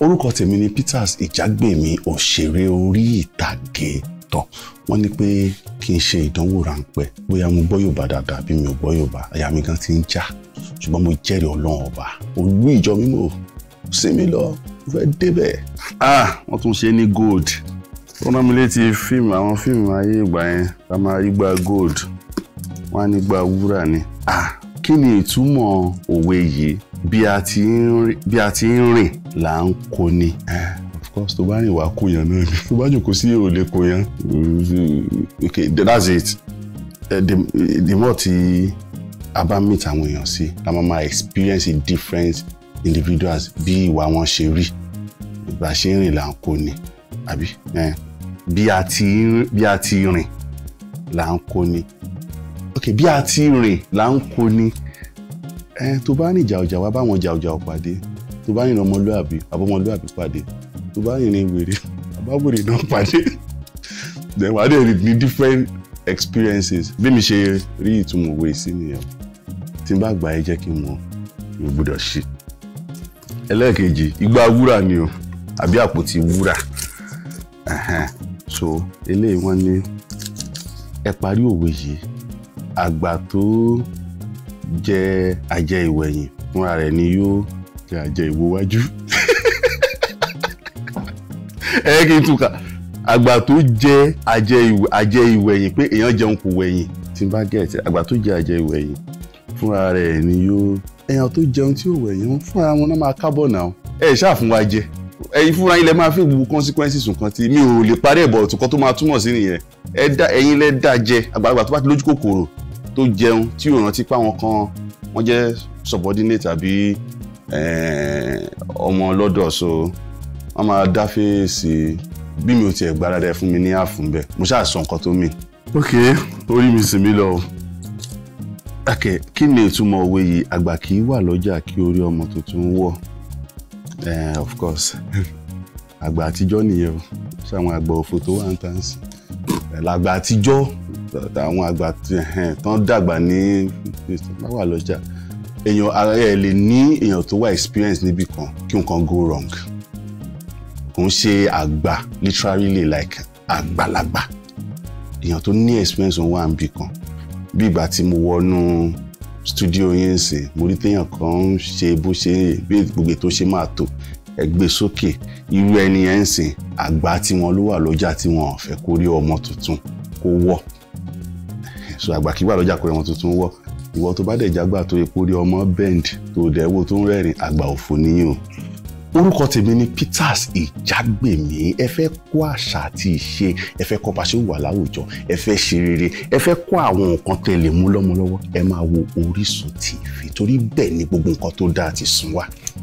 orúkọ tèmi ni Peters Ìjàgbèmí òṣèré orí ìtàgé tán wọ́n ní pé kí n ṣe ìdánwò ráńpẹ́ bóyá mo gbọ́ Yorùbá dáadáa bí mi ò gbọ́ Yorùbá àyà mi gan ti ń já ṣùgbọ́n mo jẹ́rìí Ọlọ́run ọba olú ìjọ mímọ́ sí mi lọ mo fẹ́ débẹ̀. ah wọ́n tún ṣe ní gold wọ́n rán mi létí fíìmù àwọn fíìmù ayé ìgbà yẹn ká máa rí gba gold wọ́n á ní gba wúrà ni. ah kí ni ìtumọ̀ òwe yìí bí a ti ń rìn là ń kó ni. Eh, of course tó bá rìn wá kóyàn náà ni tó bá jòkó sí òòlè kóyàn. okay that's it eh, the more ti a bá meet àwọn èèyàn sí la máa ma experience different individuals bí ìwà wọn ṣe rí ìgbà ṣe ń rìn là ń kó ni àbí eh, bí a ti rìn là ń kó ni ok bí a ti rìn là ń kó ni. Okay, ẹ tó bá rìn jàòjà wá báwọn jàòjà ò pàdé tó bá rìn ọmọlúàbí àbọmọlúàbí pàdé tó bá rìn wèrè àbáwèrè náà pàdé then wàá dé ní different experiences bí mi ṣe rí ìtumọ̀ òwe sí nìyẹn tí n bá gbà ẹ jẹ́ kí n mọ mi gbọ́dọ̀ ṣe. ẹlẹ́ẹ̀kejì igba wúrà ni o àbí àpótí wúrà so eléyìí wọ́n ní ẹ parí òwe yìí àgbà tó jẹ́ ajẹ́ ìwẹ̀yìn fúnra rẹ̀ ni yóò jẹ́ ajẹ́ ìwòwájú ẹ kí n túkà àgbà tó jẹ́ ajẹ́ ìwẹ̀yìn pé èèyàn jẹun kò wẹ̀yìn tí n bá gẹ̀ẹ́tì àgbà tó jẹ́ ajẹ́ ìwẹ̀yìn fúnra rẹ̀ ni yóò èèyàn tó jẹun tí ò wẹ̀yìn fúnra wọn náà máa kábọ̀ náà ẹ ṣáà fún wa jẹ ẹ̀yin fúnra yín lẹ máa fi wu consequences nǹkan tí mi ò lè parí ẹ̀bọ̀ ọ̀tún kan tó máa túmọ̀ sí nìyẹn ẹ̀yin lẹ dá jẹ àgbàlagbà tó bá ti lójú kòkòrò tó jẹun tí ò rántí páwọn kan wọ́n jẹ́ subordinate tàbí ọmọ lọ́dọ̀ so wọ́n máa dá fèsì bí mi ò tiẹ̀ gbáradẹ fún mi ní àfún bẹ́ẹ̀ mo ṣáà sọ nǹkan tó mì. ok orí mi sì mí lọ o. akẹ́ kí ni ìtumọ̀ òwe yìí àgbà kì í wà lọ́jà kí orí ọmọ tuntun wọ̀ of course àgbà àtijọ́ nìyẹn o ṣáwọn àgbà òfò tó wà ń tàn sí làgbà àtijọ́ àwọn àgbà tán dàgbà ní bá wà lọ́jà èèyàn ara ẹ̀ lè ní èèyàn tó wà experience níbì kan kí nǹkan go wrong kò ń ṣe àgbà literally like àgbàlagbà èèyàn tó ní experience òun wà níbì kan bí ìgbà tí mo wọnú studio yín sìn mo rí téèyàn kan ń ṣe bó ṣe bí gbogbo tó ṣe máa tò ẹgbẹ́ sókè irú ẹni yẹn ń sìn àgbà tiwọn ló wà lọ́jà tí wọn kó rí ọmọ tuntun kó wọ̀ so àgbàkigbà lọ́jà pé wọn tuntun wọ̀ ìwọ tó bá dẹ̀ jágbà tó epo rí ọmọ bend tó dẹ̀wò tó ń rẹ́rìn àgbà òfò níyàn orúkọ tèmi ni Peters Ìjàgbèmí ẹ fẹ́ kó àṣà àti ìṣe ẹ fẹ́ kọ́ bá wà láwùjọ ẹ fẹ́ ṣe rere ẹ fẹ́ kó àwọn nǹkan tẹ́ mú lọ́mọ ẹ máa wo Orísun TV torí bẹ́ẹ̀ ni gbogbo nǹkan tó dáa ti sún wá.